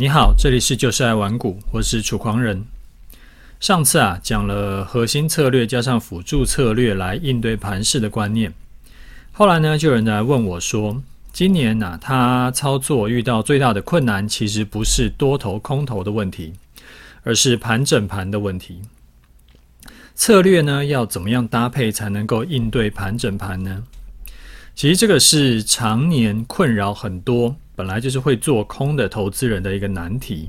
你好，這裡是就是愛玩股，我是楚狂人。上次啊講了核心策略加上輔助策略來應對盤勢的觀念，後來呢就有人來問我說，今年吶、啊，他操作遇到最大的困難，其實不是多頭空頭的問題，而是盤整盤的問題。策略呢要怎麼樣搭配才能夠應對盤整盤呢？其實這個是常年困擾很多本來就是會做空的投資人的一個難題，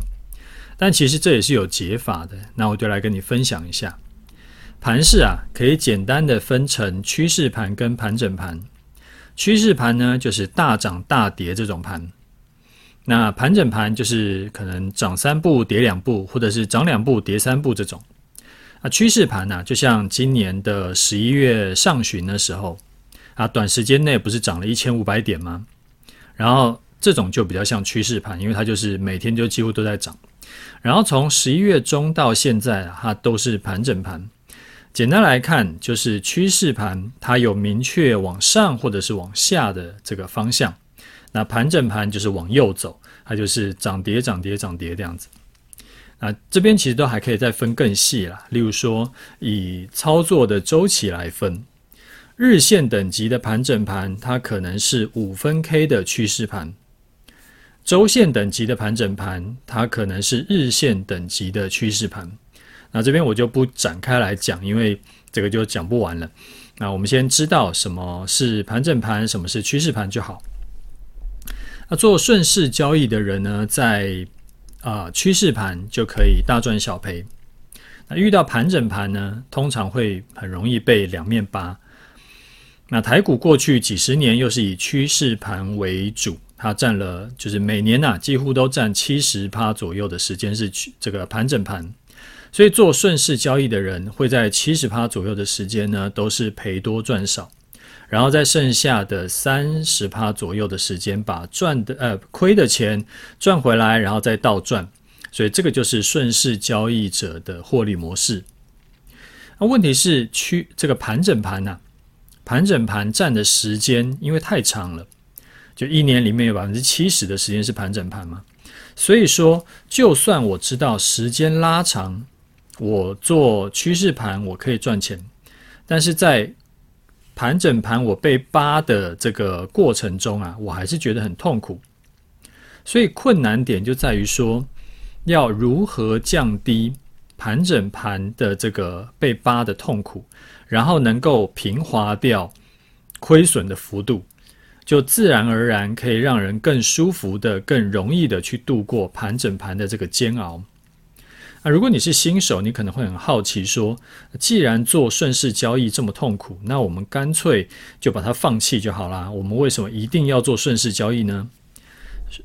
但其實這也是有解法的。那我就來跟你分享一下，盤勢啊，可以簡單的分成趨勢盤跟盤整盤。趨勢盤呢，就是大漲大跌這種盤；那盤整盤就是可能漲三步跌兩步，或者是漲兩步跌三步這種。啊，趨勢盤呢，啊，就像今年的十一月上旬的時候啊，短時間內不是漲了一千五百點嗎？然後這種就比較像趨勢盤，因為它就是每天就幾乎都在漲。然後從十一月中到現在啊，它都是盤整盤。簡單來看，就是趨勢盤它有明確往上或者是往下的這個方向，那盤整盤就是往右走，它就是漲跌漲跌漲跌這樣子。那這邊其實都還可以再分更細啦，例如說以操作的周期來分，日線等級的盤整盤，它可能是五分 K 的趨勢盤。週線等級的盤整盤，它可能是日線等級的趨勢盤。那這邊我就不展開來講，因為這個就講不完了。那我們先知道什麼是盤整盤，什麼是趨勢盤就好。那做順勢交易的人呢，在啊趨勢盤就可以大賺小賠。那遇到盤整盤呢，通常會很容易被兩面扒。那台股過去幾十年又是以趨勢盤為主。它佔了，就是每年吶、啊，幾乎都佔七十趴左右的時間是去這個盤整盤，所以做順勢交易的人會在七十趴左右的時間呢，都是賠多賺少，然後在剩下的三十趴左右的時間把賺的呃虧的錢賺回來，然後再倒賺，所以這個就是順勢交易者的獲利模式。那問題是，區，這個盤整盤吶、啊，盤整盤佔的時間因為太長了。就一年裡面有百分之七十的時間是盤整盤嘛。所以說，就算我知道時間拉長，我做趨勢盤我可以賺錢，但是在盤整盤我被扒的這個過程中啊，我還是覺得很痛苦。所以困難點就在於說，要如何降低盤整盤的這個被扒的痛苦，然後能夠平滑掉虧損的幅度。就自然而然可以讓人更舒服的，更容易的去度過盤整盤的這個煎熬。啊，如果你是新手，你可能會很好奇說，既然做順勢交易這麼痛苦，那我們乾脆就把它放棄就好啦。我們為什麼一定要做順勢交易呢？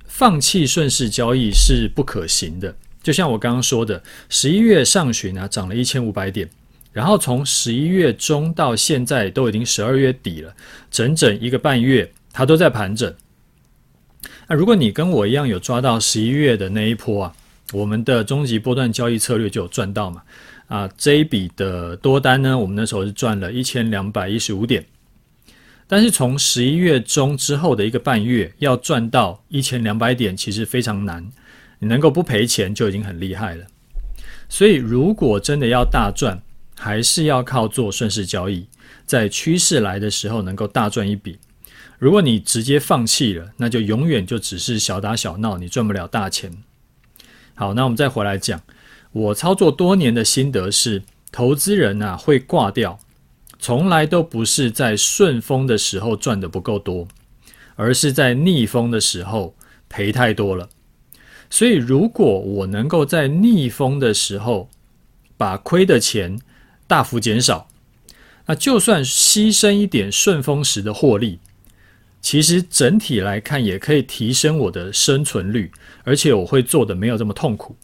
放棄順勢交易是不可行的。就像我剛剛說的，十一月上旬啊，漲了一千五百點，然後從十一月中到現在都已經十二月底了，整整一個半月。它都在盤整。啊，如果你跟我一樣有抓到十一月的那一波啊，我們的終極波段交易策略就有賺到嘛。啊，這一筆的多單呢，我們那時候是賺了一千兩百一十五點。但是從十一月中之後的一個半月，要賺到一千兩百點，其實非常難。你能夠不賠錢就已經很厲害了。所以，如果真的要大賺，還是要靠做順勢交易，在趨勢來的時候能夠大賺一筆。如果你直接放棄了，那就永遠就只是小打小鬧，你賺不了大錢。好，那我們再回來講，我操作多年的心得是，投資人啊，會掛掉，從來都不是在順風的時候賺得不夠多，而是在逆風的時候賠太多了。所以，如果我能夠在逆風的時候把虧的錢大幅減少，那就算犧牲一點順風時的獲利。其實整體來看，也可以提升我的生存率，而且我會做得沒有這麼痛苦。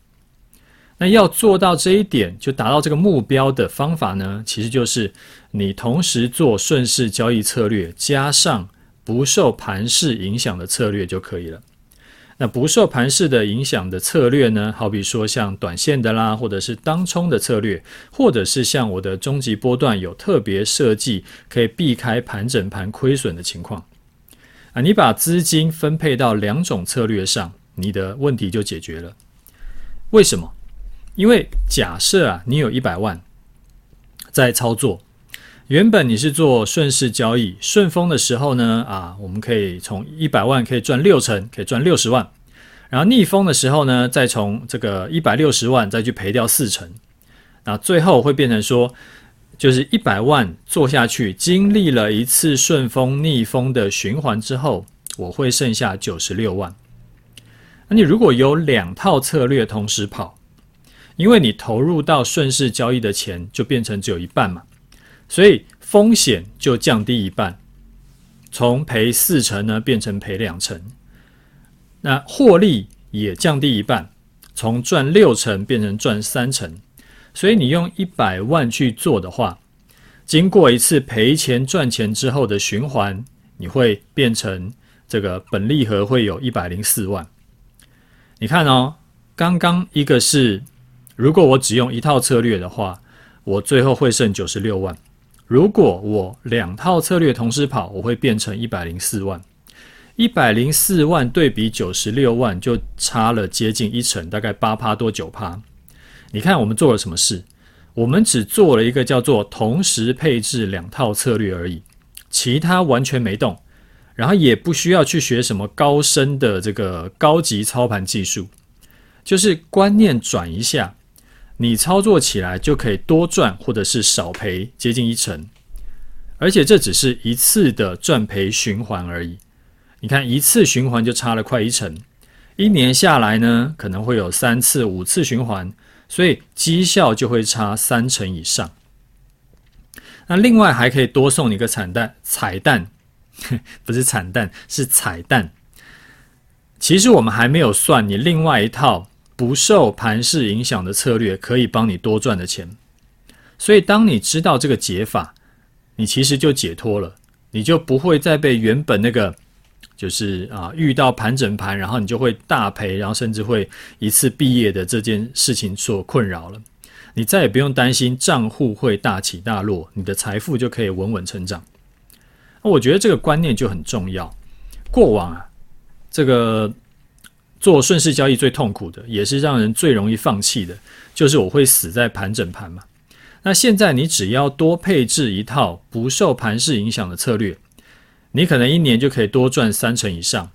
那要做到這一點，就達到這個目標的方法呢？其實就是你同時做順勢交易策略，加上不受盤勢影響的策略就可以了。那不受盤勢的影響的策略呢？好比說像短線的啦，或者是當衝的策略，或者是像我的終極波段有特別設計，可以避開盤整盤虧損的情況。啊，你把資金分配到兩種策略上，你的問題就解決了。為什麼？因為假設啊，你有一百萬在操作，原本你是做順勢交易，順風的時候呢，啊，我們可以從一百萬可以賺六成，可以賺六十萬，然後逆風的時候呢，再從這個一百六十萬再去賠掉四成，那、啊、最後會變成說。就是一百萬做下去，經歷了一次順風逆風的循環之後，我會剩下九十六萬。那你如果有兩套策略同時跑，因為你投入到順勢交易的錢就變成只有一半嘛，所以風險就降低一半，從賠四成呢變成賠兩成，那獲利也降低一半，從賺六成變成賺三成。所以你用一百萬去做的話，經過一次賠錢賺錢之後的循環，你會變成這個本利和會有一百零四萬。你看哦，剛剛一個是如果我只用一套策略的話，我最後會剩九十六萬；如果我兩套策略同時跑，我會變成一百零四萬。一百零四萬對比九十六萬就差了接近一成，大概八趴多九趴。你看，我們做了什麼事？我們只做了一個叫做“同時配置兩套策略”而已，其他完全沒動，然後也不需要去學什麼高深的這個高級操盤技術，就是觀念轉一下，你操作起來就可以多賺或者是少賠接近一成，而且這只是一次的賺賠循環而已。你看一次循環就差了快一成，一年下來呢，可能會有三次、五次循環。所以績效就會差三成以上。那另外還可以多送你一個慘蛋，彩蛋 不是慘蛋，是彩蛋。其實我們還沒有算你另外一套不受盤勢影響的策略，可以幫你多賺的錢。所以當你知道這個解法，你其實就解脫了，你就不會再被原本那個，就是啊，遇到盤整盤，然後你就會大賠，然後甚至會一次畢業的這件事情所困擾了。你再也不用擔心賬戶會大起大落，你的財富就可以穩穩成長。那我覺得這個觀念就很重要。過往啊，這個做順勢交易最痛苦的，也是讓人最容易放棄的，就是我會死在盤整盤嘛。那現在你只要多配置一套不受盤勢影響的策略。你可能一年就可以多賺三成以上，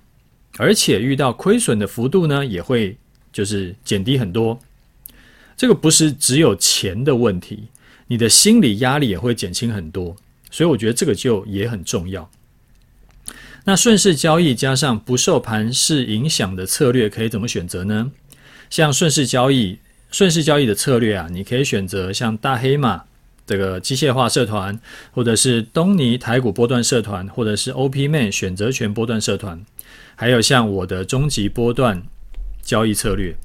而且遇到虧損的幅度呢，也會就是減低很多。這個不是只有錢的問題，你的心理壓力也會減輕很多。所以我覺得這個就也很重要。那順勢交易加上不受盤勢影響的策略可以怎麼選擇呢？像順勢交易，順勢交易的策略啊，你可以選擇像大黑馬。這個機械化社團，或者是東尼台股波段社團，或者是 OP Man 選擇權波段社團，還有像我的終極波段交易策略。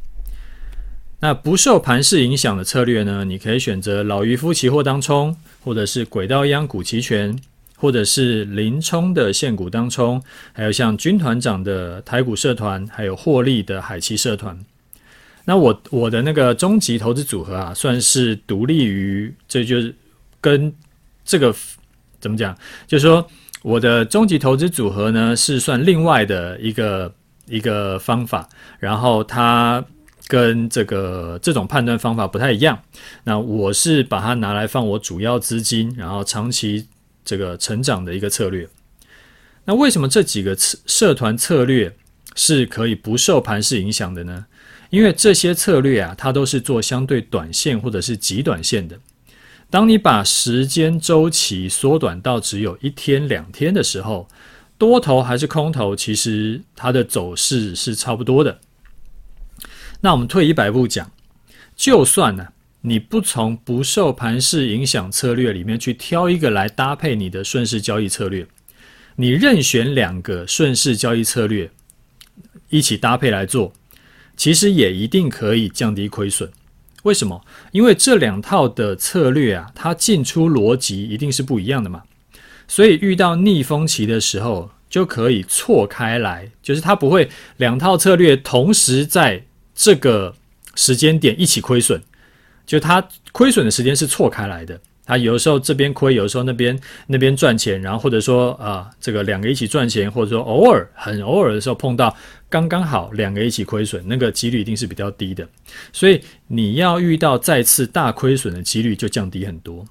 那不受盤勢影響的策略呢？你可以選擇老漁夫期貨當沖，或者是軌道央股期權，或者是林沖的現股當沖，還有像軍團長的台股社團，還有獲利的海期社團。那我我的那個終極投資組合啊，算是獨立於，這就是。跟這個怎麼講？就是說，我的終極投資組合呢是算另外的一個一個方法，然後它跟這個這種判斷方法不太一樣。那我是把它拿來放我主要資金，然後長期這個成長的一個策略。那為什麼這幾個社團策略是可以不受盤勢影響的呢？因為這些策略啊，它都是做相對短線或者是極短線的。當你把時間週期縮短到只有一天兩天的時候，多頭還是空頭，其實它的走勢是差不多的。那我們退一百步講，就算呢你不從不受盤勢影響策略裡面去挑一個來搭配你的順勢交易策略，你任選兩個順勢交易策略一起搭配來做，其實也一定可以降低虧損。為什麼？因為這兩套的策略啊，它進出邏輯一定是不一樣的嘛，所以遇到逆風期的時候，就可以錯開來，就是它不會兩套策略同時在這個時間點一起虧損，就它虧損的時間是錯開來的。啊，有時候這邊虧，有時候那邊那邊賺錢，然後或者說啊、呃，這個兩個一起賺錢，或者說偶爾很偶爾的時候碰到剛剛好兩個一起虧損，那個幾率一定是比較低的。所以你要遇到再次大虧損的幾率就降低很多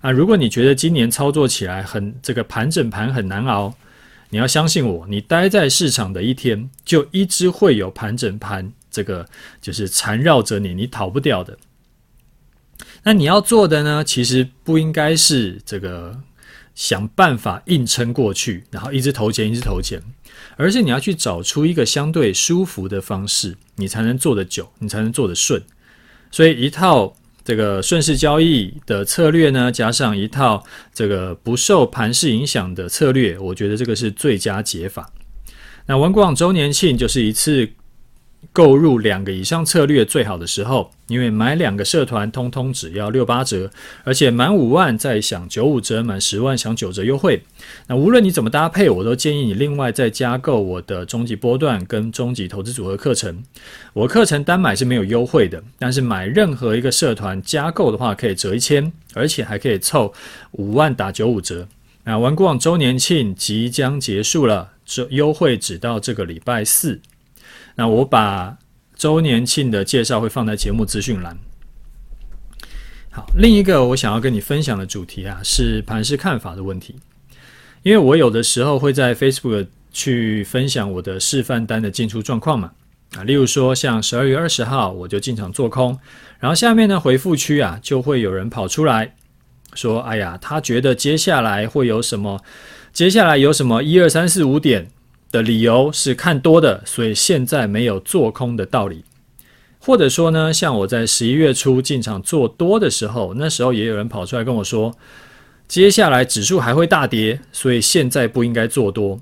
啊。如果你覺得今年操作起來很這個盤整盤很難熬，你要相信我，你待在市場的一天，就一直會有盤整盤，這個就是纏繞着你，你逃不掉的。那你要做的呢，其實不應該是這個想辦法硬撐過去，然後一直投錢，一直投錢，而是你要去找出一個相對舒服的方式，你才能做得久，你才能做得順。所以一套這個順勢交易的策略呢，加上一套這個不受盤勢影響的策略，我覺得這個是最佳解法。那玩股網週年慶就是一次購入兩個以上策略最好的時候，因為買兩個社團通通只要六八折，而且滿五萬再享九五折，滿十萬享九折優惠。那無論你怎麼搭配，我都建議你另外再加購我的終極波段跟終極投資組合課程。我課程單買是沒有優惠的，但是買任何一個社團加購的話，可以折一千，而且還可以湊五萬打九五折。那玩股網周年慶即將結束了，這優惠只到這個禮拜四。那我把週年慶的介紹會放在節目資訊欄。好，另一個我想要跟你分享的主題啊，是盤勢看法的問題。因為我有的時候會在 Facebook 去分享我的示範單的進出狀況嘛，啊，例如說像十二月二十號我就進場做空，然後下面呢回復區啊就會有人跑出來說：“哎呀，他覺得接下來會有什麼？接下來有什麼？一二三四五點。”的理由是看多的，所以現在沒有做空的道理。或者說呢，像我在十一月初進場做多的時候，那時候也有人跑出來跟我說，接下來指數還會大跌，所以現在不應該做多。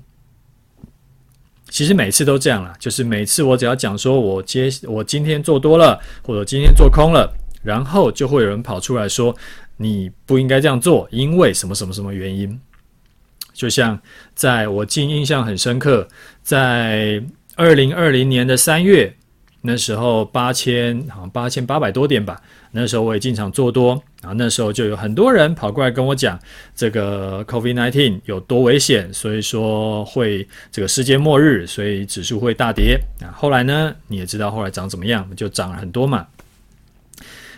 其實每次都這樣啦，就是每次我只要講說我接我今天做多了，或者今天做空了，然後就會有人跑出來說你不應該這樣做，因為什麼什麼什麼原因。就像在我今，印象很深刻，在二零二零年的三月，那時候八千好像八千八百多點吧，那時候我也進場做多啊，那時候就有很多人跑過來跟我講這個 COVID nineteen 有多危險，所以說會這個世界末日，所以指數會大跌啊。後來呢，你也知道後來漲怎麼樣，就漲了很多嘛。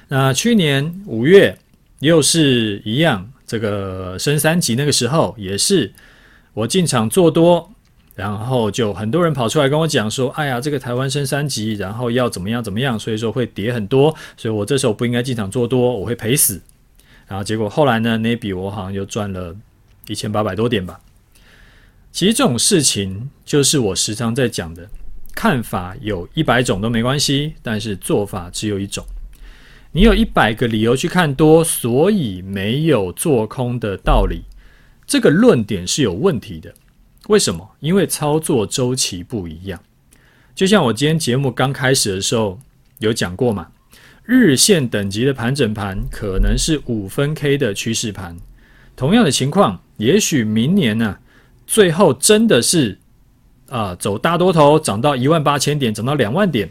那去年五月又是一樣。這個升三級那個時候也是，我進場做多，然後就很多人跑出來跟我講說，哎呀，這個台灣升三級，然後要怎麼樣怎麼樣，所以說會跌很多，所以我這時候不應該進場做多，我會賠死。然後結果後來呢，那一筆我好像又賺了一千八百多點吧。其實這種事情就是我時常在講的，看法有一百種都沒關係，但是做法只有一種。你有一百個理由去看多，所以沒有做空的道理，這個論點是有問題的。為什麼？因為操作週期不一樣。就像我今天節目剛開始的時候有講過嘛，日線等級的盤整盤可能是五分 K 的趨勢盤，同樣的情況，也許明年呢、啊，最後真的是啊、呃、走大多頭，漲到一萬八千點，漲到兩萬點。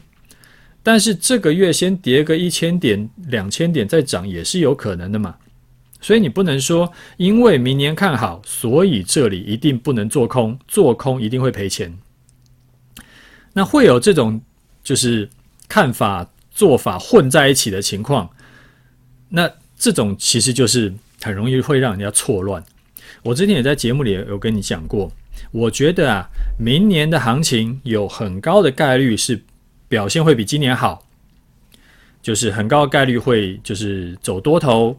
但是這個月先跌個一千點、兩千點再漲也是有可能的嘛，所以你不能說因為明年看好，所以這裡一定不能做空，做空一定會賠錢。那會有這種就是看法、做法混在一起的情況，那這種其實就是很容易會讓人家錯亂。我之前也在節目裡有跟你講過，我覺得啊，明年的行情有很高的概率是，表現會比今年好，就是很高概率會就是走多頭，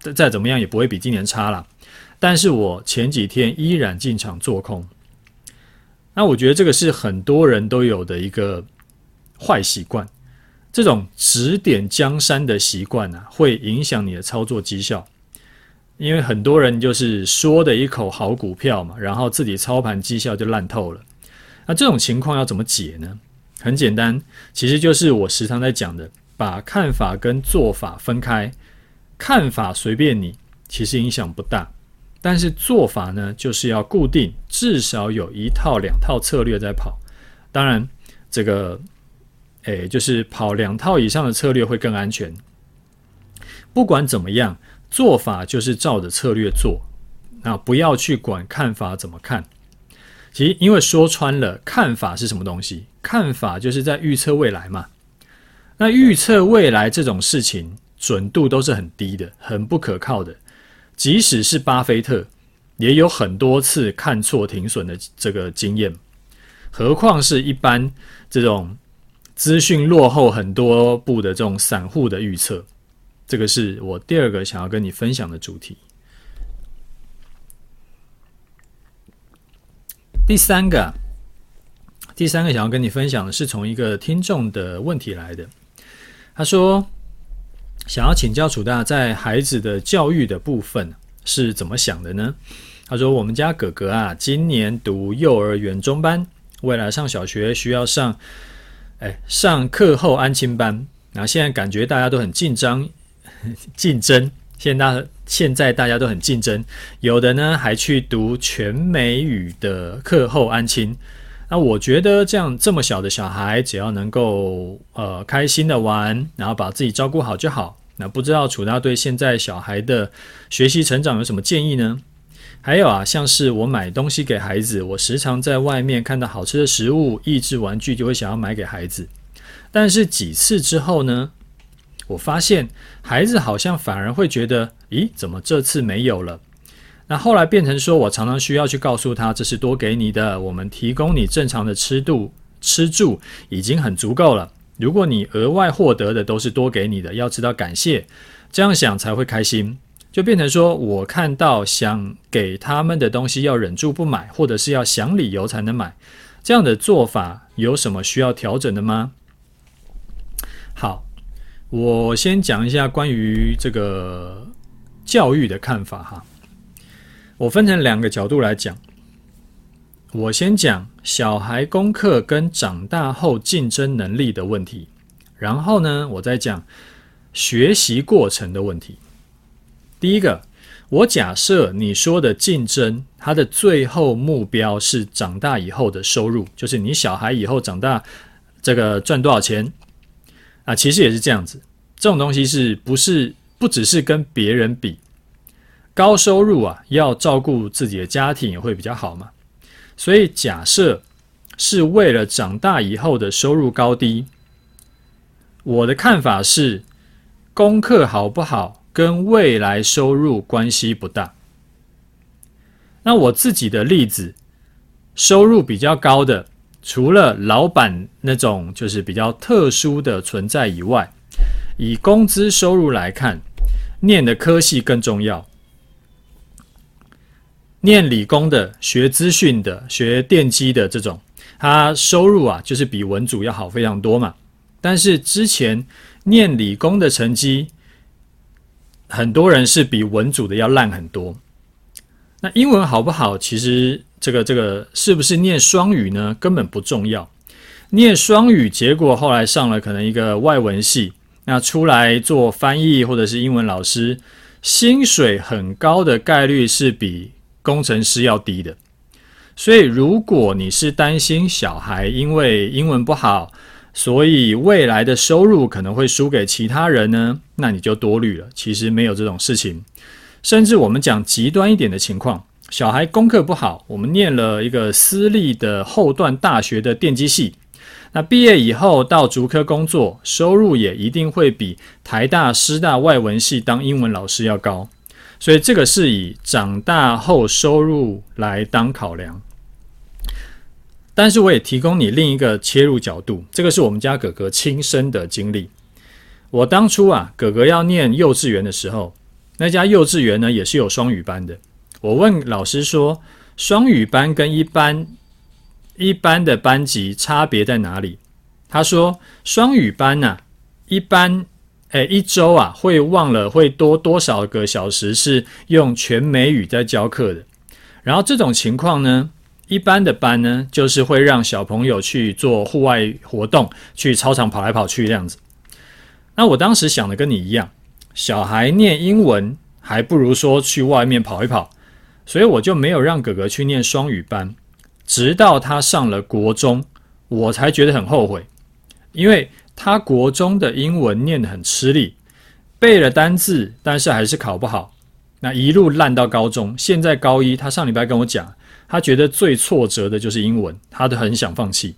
再再怎麼樣也不會比今年差了。但是我前幾天依然進場做空，那我覺得這個是很多人都有的一個壞習慣，這種指點江山的習慣呢，會影響你的操作績效。因為很多人就是說的一口好股票嘛，然後自己操盤績效就爛透了。那這種情況要怎麼解呢？很簡單，其實就是我時常在講的，把看法跟做法分開。看法隨便你，其實影響不大。但是做法呢，就是要固定，至少有一套、兩套策略在跑。當然，這個，誒、欸，就是跑兩套以上的策略會更安全。不管怎麼樣，做法就是照着策略做，那不要去管看法怎麼看。其實，因為說穿了，看法是什麼東西？看法就是在預測未來嘛。那預測未來這種事情，準度都是很低的，很不可靠的。即使是巴菲特，也有很多次看錯停損的這個經驗。何況是一般這種資訊落後很多步的這種散戶的預測，這個是我第二個想要跟你分享的主題。第三個。第三個想要跟你分享的是從一個聽眾的問題來的。他說：“想要請教楚大，在孩子的教育的部分是怎麼想的呢？”他說：“我們家哥哥啊，今年讀幼兒園中班，未來上小學需要上……誒上課後安親班。然後現在感覺大家都很緊張、呵呵競爭。現在大現在大家都很競爭，有的呢還去讀全美語的課後安親。”那我覺得這樣這麼小的小孩，只要能夠呃開心的玩，然後把自己照顧好就好。那不知道楚大對現在小孩的學習成長有什麼建議呢？還有啊，像是我買東西給孩子，我時常在外面看到好吃的食物、益智玩具，就會想要買給孩子。但是幾次之後呢，我發現孩子好像反而會覺得，咦，怎麼這次沒有了？那後來變成說，我常常需要去告訴他，這是多給你的。我們提供你正常的吃度、吃住已經很足夠了。如果你額外獲得的都是多給你的，要知道感謝，這樣想才會開心。就變成說我看到想給他們的東西，要忍住不買，或者是要想理由才能買。這樣的做法有什麼需要調整的嗎？好，我先講一下關於這個教育的看法哈。我分成兩個角度來講，我先講小孩功課跟長大後競爭能力的問題，然後呢，我再講學習過程的問題。第一個，我假設你說的競爭，它的最後目標是長大以後的收入，就是你小孩以後長大這個賺多少錢啊？其實也是這樣子，這種東西是不是不只是跟別人比？高收入啊，要照顧自己的家庭也會比較好嘛。所以假設是為了長大以後的收入高低，我的看法是，功課好不好跟未來收入關係不大。那我自己的例子，收入比較高的，除了老闆那種就是比較特殊的存在以外，以工資收入來看，念的科系更重要。念理工的，學資訊的，學電機的這種，他收入啊，就是比文組要好非常多嘛。但是之前念理工的成績，很多人是比文組的要爛很多。那英文好不好？其實這個這個是不是念雙語呢？根本不重要。念雙語，結果後來上了可能一個外文系，那出來做翻譯或者是英文老師，薪水很高的概率，是比工程師要低的，所以如果你是擔心小孩因為英文不好，所以未來的收入可能會輸給其他人呢，那你就多慮了。其實沒有這種事情。甚至我們講極端一點的情況，小孩功課不好，我們念了一個私立的後段大學的電機系，那畢業以後到竹科工作，收入也一定會比台大、師大外文系當英文老師要高。所以這個是以長大後收入來當考量，但是我也提供你另一個切入角度，這個是我們家哥哥親身的經歷。我當初啊，哥哥要念幼稚園的時候，那家幼稚園呢也是有雙語班的。我問老師說，雙語班跟一般一般的班級差別在哪裡？他說，雙語班吶、啊，一般。誒，一周啊，會忘了會多多少個小時是用全美語在教課的。然後這種情況呢，一般的班呢，就是會讓小朋友去做戶外活動，去操場跑來跑去這樣子。那我當時想的跟你一樣，小孩念英文還不如說去外面跑一跑，所以我就沒有讓哥哥去念雙語班，直到他上了國中，我才覺得很後悔，因為。他國中的英文念得很吃力，背了單字，但是還是考不好。那一路爛到高中，現在高一，他上禮拜跟我講，他覺得最挫折的就是英文，他都很想放棄。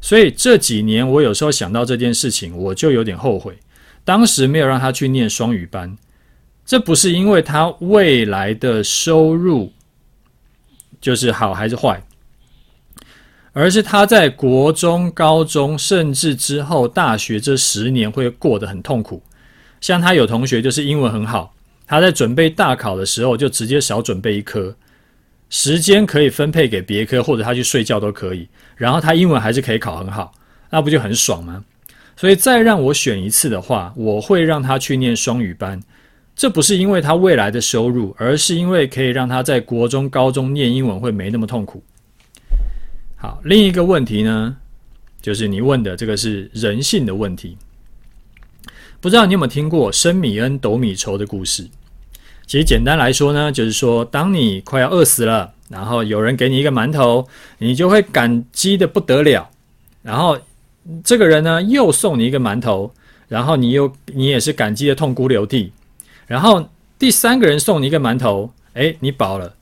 所以這幾年，我有時候想到這件事情，我就有點後悔，當時沒有讓他去念雙語班。這不是因為他未來的收入就是好還是壞。而是他在國中、高中，甚至之後大學這十年會過得很痛苦。像他有同學就是英文很好，他在準備大考的時候就直接少準備一科，時間可以分配給別科，或者他去睡覺都可以。然後他英文還是可以考很好，那不就很爽嗎？所以再讓我選一次的話，我會讓他去念雙語班。這不是因為他未來的收入，而是因為可以讓他在國中、高中念英文會沒那麼痛苦。好，另一個問題呢，就是你問的這個是人性的問題。不知道你有沒有聽過“升米恩，斗米仇”的故事？其實簡單來說呢，就是說，當你快要餓死了，然後有人給你一個饅頭，你就會感激得不得了。然後這個人呢，又送你一個饅頭，然後你又你也是感激得痛哭流涕。然後第三個人送你一個饅頭，哎，你飽了。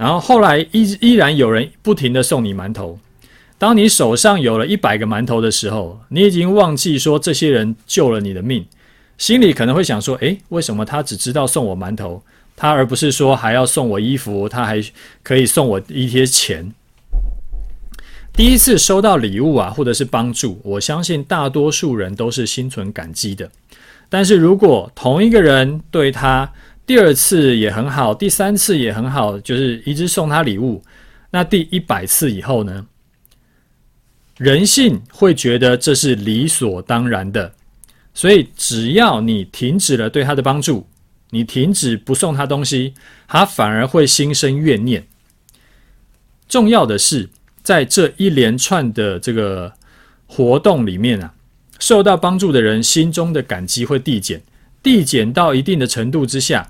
然後後來依依然有人不停地送你饅頭，當你手上有了一百個饅頭的時候，你已經忘記說這些人救了你的命，心裡可能會想說：誒，為什麼他只知道送我饅頭，他而不是說還要送我衣服，他還可以送我一些錢。第一次收到禮物啊，或者是幫助，我相信大多數人都是心存感激的。但是如果同一個人對他，第二次也很好，第三次也很好，就是一直送他禮物。那第一百次以後呢？人性會覺得這是理所當然的。所以只要你停止了對他的幫助，你停止不送他東西，他反而會心生怨念。重要的是，在這一連串的這個活動裡面啊，受到幫助的人心中的感激會遞減，遞減到一定的程度之下。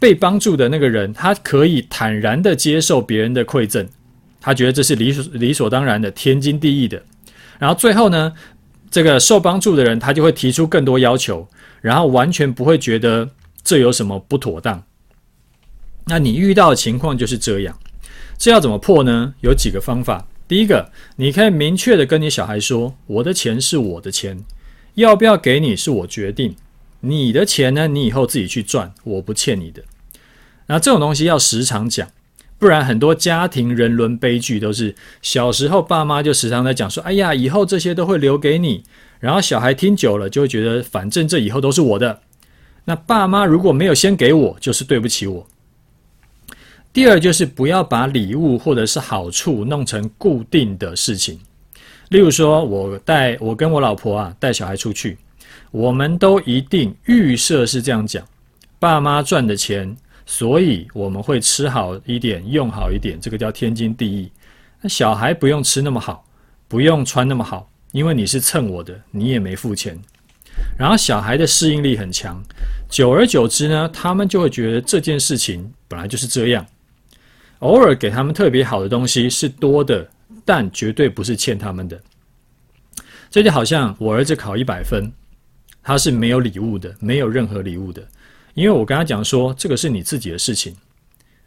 被幫助的那個人，他可以坦然的接受別人的饋贈，他覺得這是理所理所當然的、天經地義的。然後最後呢，這個受幫助的人他就會提出更多要求，然後完全不會覺得這有什麼不妥當。那你遇到的情況就是這樣，這要怎麼破呢？有幾個方法。第一個，你可以明確的跟你小孩說，我的錢是我的錢，要不要給你是我決定。你的錢呢？你以後自己去賺，我不欠你的。那這種東西要時常講，不然很多家庭人倫悲劇都是小時候爸媽就時常在講說：“哎呀，以後這些都會留給你。”然後小孩聽久了就會覺得，反正這以後都是我的。那爸媽如果沒有先給我，就是對不起我。第二就是不要把禮物或者是好處弄成固定的事情，例如說，我帶，我跟我老婆啊，帶小孩出去。我們都一定預設是這樣講，爸媽賺的錢，所以我們會吃好一點，用好一點，這個叫天經地義。那小孩不用吃那麼好，不用穿那麼好，因為你是蹭我的，你也沒付錢。然後小孩的適應力很強，久而久之呢，他們就會覺得這件事情本來就是這樣。偶爾給他們特別好的東西是多的，但絕對不是欠他們的。這就好像我兒子考一百分。他是沒有禮物的，沒有任何禮物的，因為我跟他講說，這個是你自己的事情，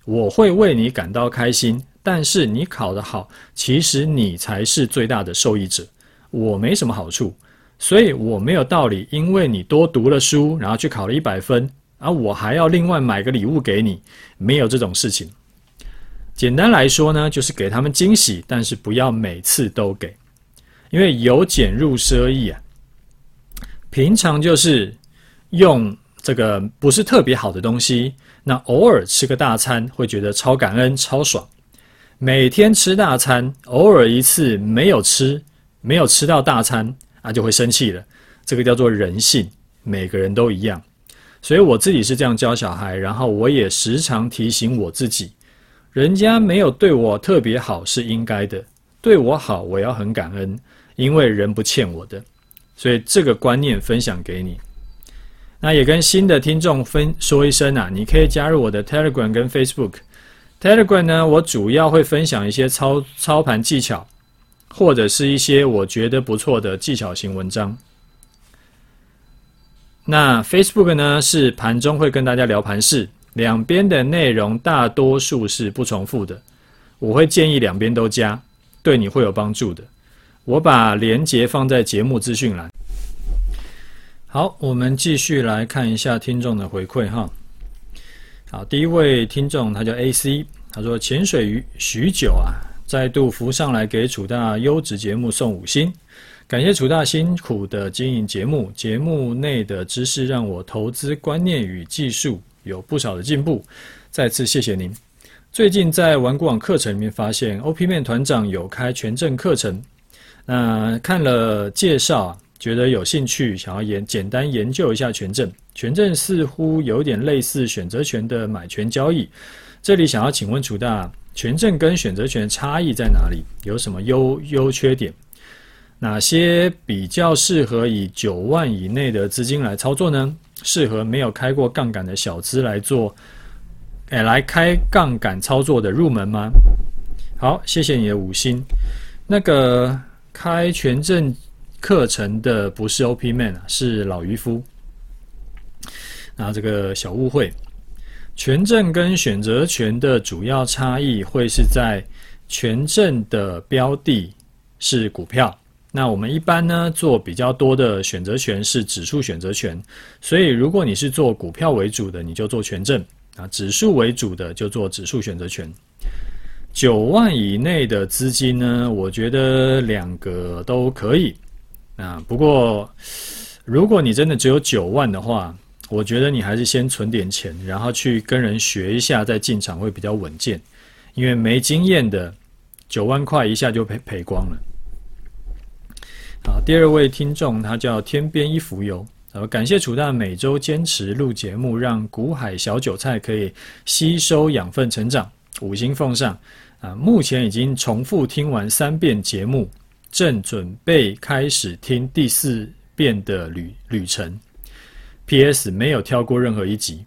我會為你感到開心，但是你考得好，其實你才是最大的受益者，我沒什麼好處，所以我沒有道理，因為你多讀了書，然後去考了一百分，而、啊、我還要另外買個禮物給你，沒有這種事情。簡單來說呢，就是給他們驚喜，但是不要每次都給，因為由儉入奢易啊。平常就是用這個不是特別好的東西，那偶爾吃個大餐會覺得超感恩、超爽。每天吃大餐，偶爾一次沒有吃，沒有吃到大餐啊，就會生氣了。這個叫做人性，每個人都一樣。所以我自己是這樣教小孩，然後我也時常提醒我自己：人家沒有對我特別好是應該的，對我好我要很感恩，因為人不欠我的。所以這個觀念分享給你，那也跟新的聽眾分說一聲啊，你可以加入我的 Telegram 跟 Facebook。Telegram 呢，我主要會分享一些操操盤技巧，或者是一些我覺得不錯的技巧型文章。那 Facebook 呢，是盤中會跟大家聊盤勢，兩邊的內容大多數是不重復的。我會建議兩邊都加，對你會有幫助的。我把連結放在節目資訊欄。好，我們繼續來看一下聽眾的回饋哈。好，第一位聽眾他叫 A C，他說，潛水於許久啊，再度浮上來給楚大優質節目送五星，感謝楚大辛苦的經營節目，節目內的知識讓我投資觀念與技術有不少的進步，再次謝謝您。最近在玩股網課程裡面發現 O P MAN 團長有開權證課程。嗯、呃，看了介紹，覺得有興趣，想要研簡單研究一下權證。權證似乎有點類似選擇權的買權交易。這裡想要請問楚大，權證跟選擇權差異在哪裡？有什麼優優缺點？哪些比較適合以九萬以內的資金來操作呢？適合沒有開過槓桿的小資來做，哎，來開槓桿操作的入門嗎？好，謝謝你的五星。那個。開權證課程的不是 OPMAN 啊，是老漁夫。那這個小誤會，權證跟選擇權的主要差異會是在權證的標的是股票，那我們一般呢做比較多的選擇權是指數選擇權，所以如果你是做股票為主的，你就做權證啊；指數為主的就做指數選擇權。九萬以內的資金呢？我覺得兩個都可以啊。不過，如果你真的只有九萬的話，我覺得你還是先存點錢，然後去跟人學一下再進場會比較穩健。因為沒經驗的，九萬塊一下就賠賠光了。好，第二位聽眾他叫天邊一浮游。好，感謝楚大每周堅持錄節目，讓股海小韭菜可以吸收養分成長。五星奉上啊，呃，目前已經重複聽完三遍節目，正準備開始聽第四遍的旅旅程。P.S. 沒有跳過任何一集。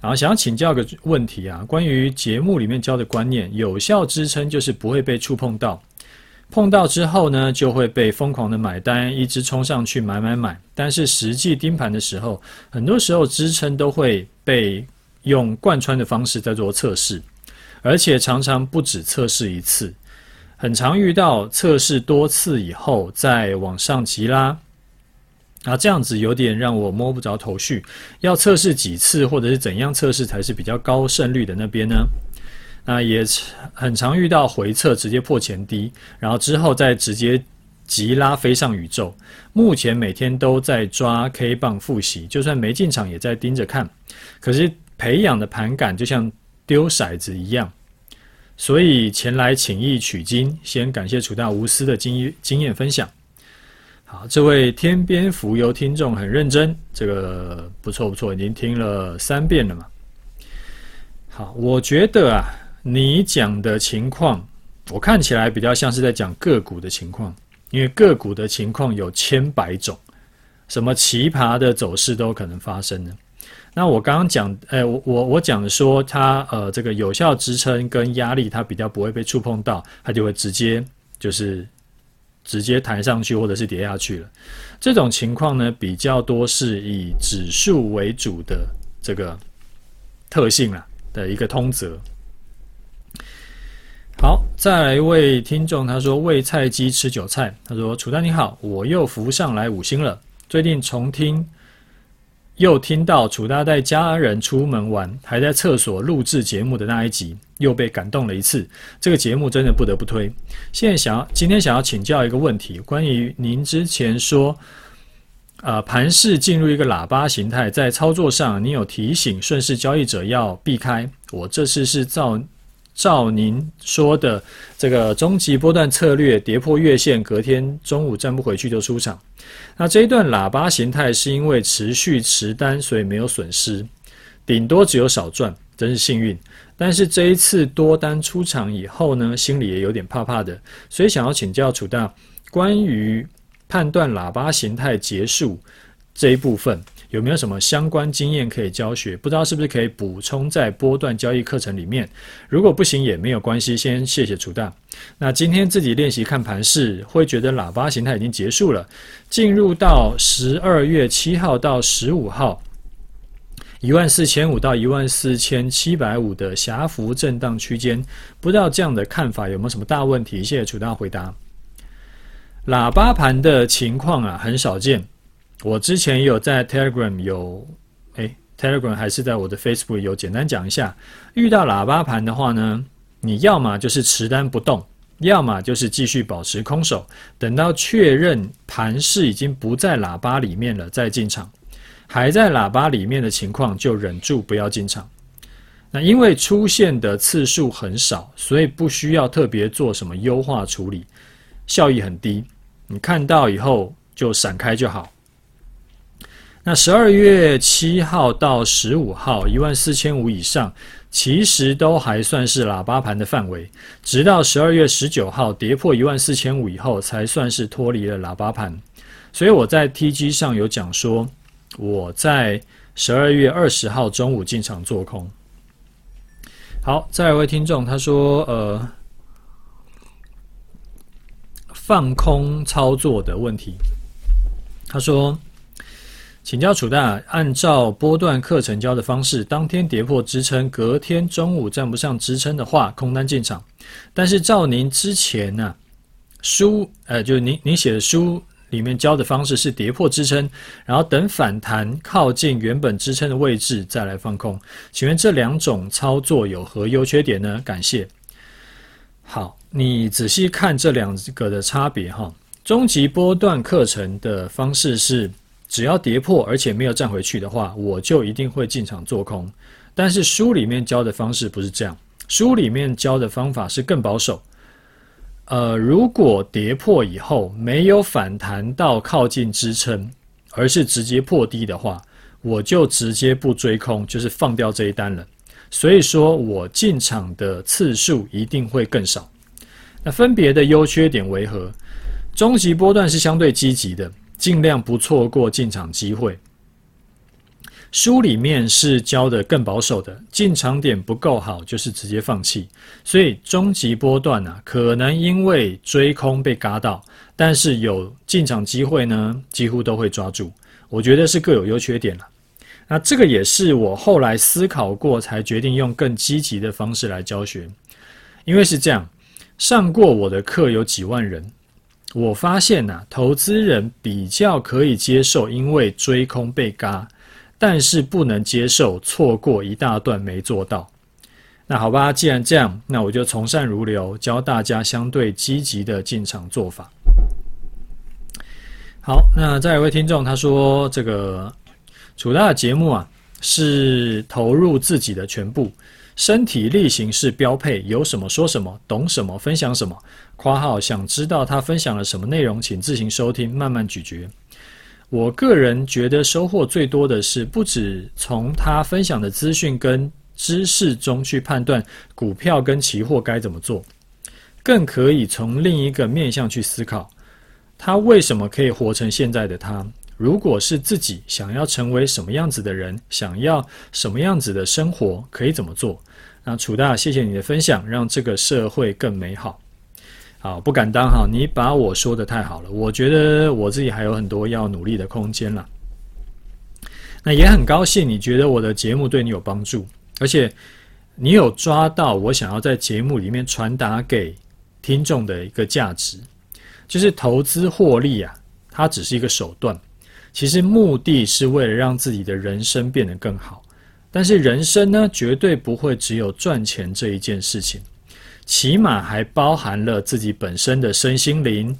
然後想要請教個問題啊，關於節目裡面教的觀念，有效支撐就是不會被觸碰到，碰到之後呢，就會被瘋狂的買單，一直衝上去買買買。但是實際盯盤的時候，很多時候支撐都會被用貫穿的方式在做測試。而且常常不止測試一次，很常遇到測試多次以後再往上急拉，啊，這樣子有點讓我摸不着頭緒，要測試幾次或者是怎樣測試才是比較高勝率的那邊呢？啊，也很常遇到回測直接破前低，然後之後再直接急拉飛上宇宙。目前每天都在抓 K 棒複習，就算沒進場也在盯着看。可是培養的盤感就像。丟骰子一樣，所以前來請益取經。先感謝楚大無私的經經驗分享。好，這位天邊浮游聽眾很認真，這個不錯不錯，已經聽了三遍了嘛。好，我覺得啊，你講的情況，我看起來比較像是在講個股的情況，因為個股的情況有千百種，什麼奇葩的走勢都可能發生呢。那我剛剛講，誒、欸，我我我講的說，它呃，這個有效支撐跟壓力，它比較不會被觸碰到，它就會直接就是直接彈上去或者是跌下去了。這種情況呢，比較多是以指數為主的這個特性啦的一個通則。好，再來一位聽眾，他說：“喂菜雞吃韭菜。”他說：“楚丹你好，我又浮上來五星了。最近重聽。”又聽到楚大帶家人出門玩，還在廁所錄制節目的那一集，又被感動了一次。這個節目真的不得不推。現在想要，今天想要請教一個問題，關於您之前說，呃，盤勢進入一個喇叭形態，在操作上，您有提醒順勢交易者要避開。我這次是造。照您說的這個終極波段策略，跌破月線，隔天中午站不回去就出場。那這一段喇叭形態是因為持續持單，所以沒有損失，頂多只有少賺，真是幸運。但是這一次多單出場以後呢，心裡也有點怕怕的，所以想要請教楚大，關於判斷喇叭形態結束這一部分。有沒有什麼相關經驗可以教學？不知道是不是可以補充在波段交易課程裡面？如果不行也沒有關係，先謝謝楚大。那今天自己練習看盤是會覺得喇叭形態已經結束了，進入到十二月七號到十五號一萬四千五到一萬四千七百五的狹幅震盪區間，不知道這樣的看法有沒有什麼大問題？謝謝楚大回答。喇叭盤的情況啊，很少見。我之前有在 Telegram 有，哎，Telegram 還是在我的 Facebook 有簡單講一下。遇到喇叭盤的話呢，你要麼就是持單不動，要麼就是繼續保持空手，等到確認盤勢已經不在喇叭裡面了再進場。還在喇叭裡面的情況就忍住不要進場。那因為出現的次數很少，所以不需要特別做什麼優化處理，效益很低。你看到以後就閃開就好。那十二月七號到十五號一萬四千五以上，其實都還算是喇叭盤的範圍，直到十二月十九號跌破一萬四千五以後，才算是脫離了喇叭盤。所以我在 TG 上有講說，我在十二月二十號中午進場做空。好，再來一位聽眾，他說：“呃，放空操作的問題。”他說。請教楚大，按照波段課程教的方式，當天跌破支撐，隔天中午站不上支撐的話，空單進場。但是照您之前呢、啊、書，呃，就您您寫的書裡面教的方式是跌破支撐，然後等反彈靠近原本支撐的位置再來放空。請問這兩種操作有何優缺點呢？感謝。好，你仔細看這兩個的差別哈。終極波段課程的方式是，只要跌破，而且沒有站回去的話，我就一定會進場做空。但是書裡面教的方式不是這樣，書裡面教的方法是更保守。呃，如果跌破以後沒有反彈到靠近支撐，而是直接破低的話，我就直接不追空，就是放掉這一單了。所以說我進場的次數一定會更少。那分別的優缺點為何？終極波段是相對積極的。盡量不錯過進場機會。書裡面是教的更保守的，進場點不夠好就是直接放棄。所以終極波段啊，可能因為追空被嘎到，但是有進場機會呢，幾乎都會抓住。我覺得是各有優缺點了。那這個也是我後來思考過才決定用更積極的方式來教學，因為是這樣，上過我的課有幾萬人。我發現吶、啊，投資人比較可以接受，因為追空被軋，但是不能接受錯過一大段沒做到。那好吧，既然這樣，那我就從善如流，教大家相對積極的進場做法。好，那再有位聽眾他說，這個楚大節目啊，是投入自己的全部。身體力行是標配，有什麼說什麼，懂什麼分享什麼。括號想知道他分享了什麼內容，請自行收聽，慢慢咀嚼。我個人覺得收穫最多的是，不只從他分享的資訊跟知識中去判斷股票跟期貨該怎麼做，更可以從另一個面向去思考，他為什麼可以活成現在的他。如果是自己想要成為什麼樣子的人，想要什麼樣子的生活，可以怎麼做？那楚大，謝謝你的分享，讓這個社會更美好。好，不敢當哈，你把我說得太好了，我覺得我自己還有很多要努力的空間啦。那也很高興，你覺得我的節目對你有幫助，而且你有抓到我想要在節目裡面傳達給聽眾的一個價值，就是投資獲利啊，它只是一個手段。其實目的是為了讓自己的人生變得更好，但是人生呢，絕對不會只有賺錢這一件事情，起碼還包含了自己本身的身心靈，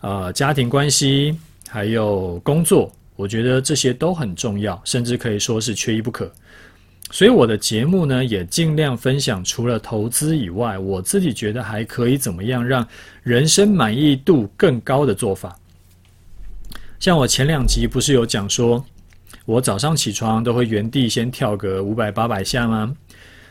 呃，家庭關係，還有工作，我覺得這些都很重要，甚至可以說是缺一不可。所以我的節目呢，也盡量分享除了投資以外，我自己覺得還可以怎麼樣讓人生滿意度更高的做法。像我前兩集不是有講說，我早上起床都會原地先跳個五百八百下嗎？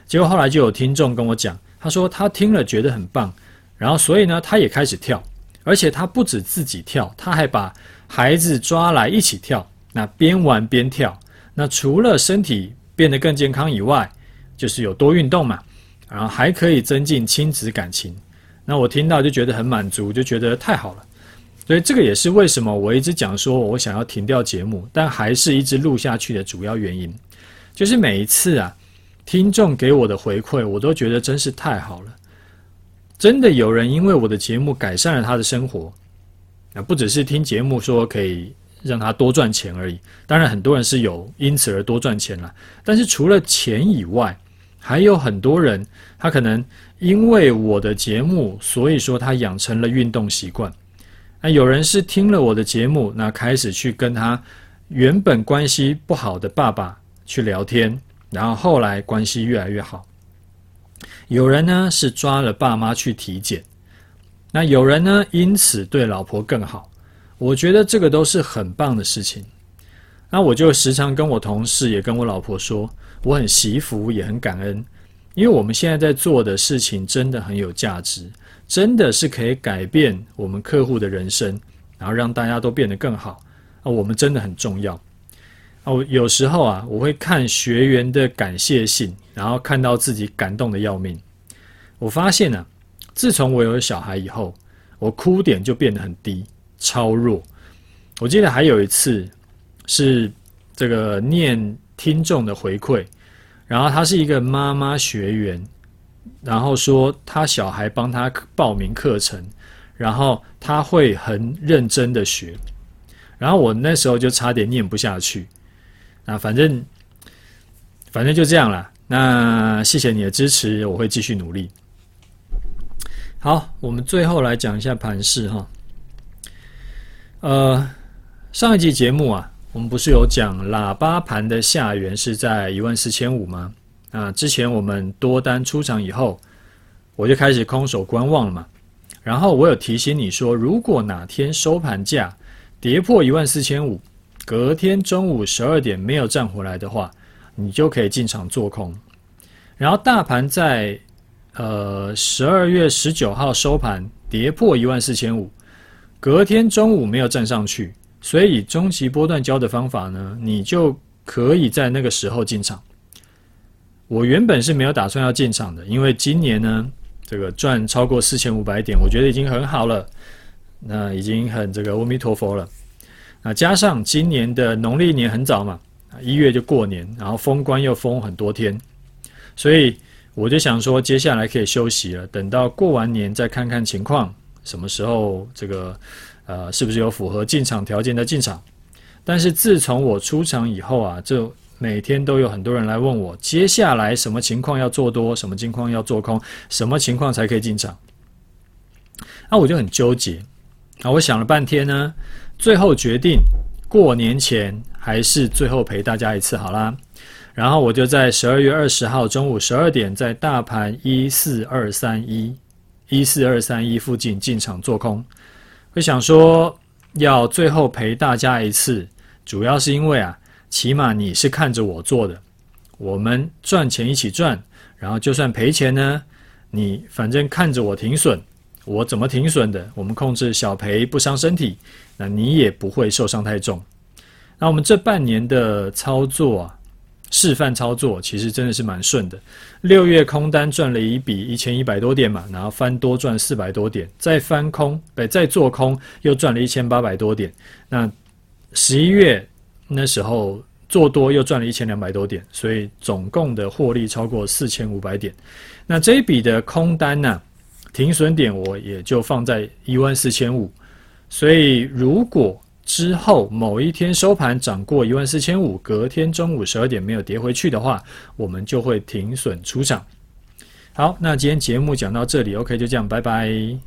結果後來就有聽眾跟我講，他說他聽了覺得很棒，然後所以呢他也開始跳，而且他不止自己跳，他還把孩子抓來一起跳，那邊玩邊跳。那除了身體變得更健康以外，就是有多運動嘛，然後還可以增進親子感情。那我聽到就覺得很滿足，就覺得太好了。所以這個也是為什麼我一直講說，我想要停掉節目，但還是一直錄下去的主要原因，就是每一次啊，聽眾給我的回饋，我都覺得真是太好了。真的有人因為我的節目改善了他的生活，啊，不只是聽節目說可以讓他多賺錢而已。當然，很多人是有因此而多賺錢了，但是除了錢以外，還有很多人他可能因為我的節目，所以說他養成了運動習慣。那有人是聽了我的節目，那開始去跟他原本關係不好的爸爸去聊天，然後後來關係越來越好。有人呢是抓了爸媽去體檢，那有人呢因此對老婆更好。我覺得這個都是很棒的事情。那我就時常跟我同事也跟我老婆說，我很惜福也很感恩，因為我們現在在做的事情真的很有價值。真的是可以改變我們客戶的人生，然後讓大家都變得更好啊！我們真的很重要。我有時候啊，我會看學員的感謝信，然後看到自己感動得要命。我發現呢、啊，自從我有了小孩以後，我哭點就變得很低，超弱。我記得還有一次是這個念聽眾的回饋，然後她是一個媽媽學員。然後說他小孩幫他報名課程，然後他會很認真的學，然後我那時候就差點念不下去，啊，反正反正就這樣了。那謝謝你的支持，我會繼續努力。好，我們最後來講一下盤勢哈。呃，上一集節目啊，我們不是有講喇叭盤的下緣是在一萬四千五嗎？啊，之前我們多單出場以後，我就開始空手觀望了嘛。然後我有提醒你說，如果哪天收盤價跌破一萬四千五，隔天中午十二點沒有站回來的話，你就可以進場做空。然後大盤在呃十二月十九號收盤跌破一萬四千五，隔天中午沒有站上去，所以終極波段交的方法呢，你就可以在那個時候進場。我原本是沒有打算要進場的，因為今年呢，這個賺超過四千五百點，我覺得已經很好了，那已經很這個阿彌陀佛了。啊，加上今年的農曆年很早嘛，一月就過年，然後封關又封很多天，所以我就想說，接下來可以休息了，等到過完年再看看情況，什麼時候這個呃是不是有符合進場條件再進場。但是自從我出場以後啊，就每天都有很多人來問我，接下來什麼情況要做多，什麼情況要做空，什麼情況才可以進場？那、啊、我就很糾結。那、啊、我想了半天呢，最後決定過年前還是最後陪大家一次好啦。然後我就在十二月二十號中午十二點，在大盤一四二三一、一四二三一附近進場做空。會想說要最後陪大家一次，主要是因為啊。起碼你是看着我做的，我們賺錢一起賺，然後就算賠錢呢，你反正看着我停損，我怎麼停損的？我們控制小賠不傷身體，那你也不會受傷太重。那我們這半年的操作啊，示範操作，其實真的是蠻順的。六月空單賺了一筆一千一百多點嘛，然後翻多賺四百多點，再翻空對，再做空又賺了一千八百多點。那十一月。那時候做多又賺了一千兩百多點，所以總共的獲利超過四千五百點。那這一筆的空單呢、啊，停損點我也就放在一萬四千五。所以如果之後某一天收盤漲過一萬四千五，隔天中午十二點沒有跌回去的話，我們就會停損出場。好，那今天節目講到這裡，OK，就這樣，拜拜。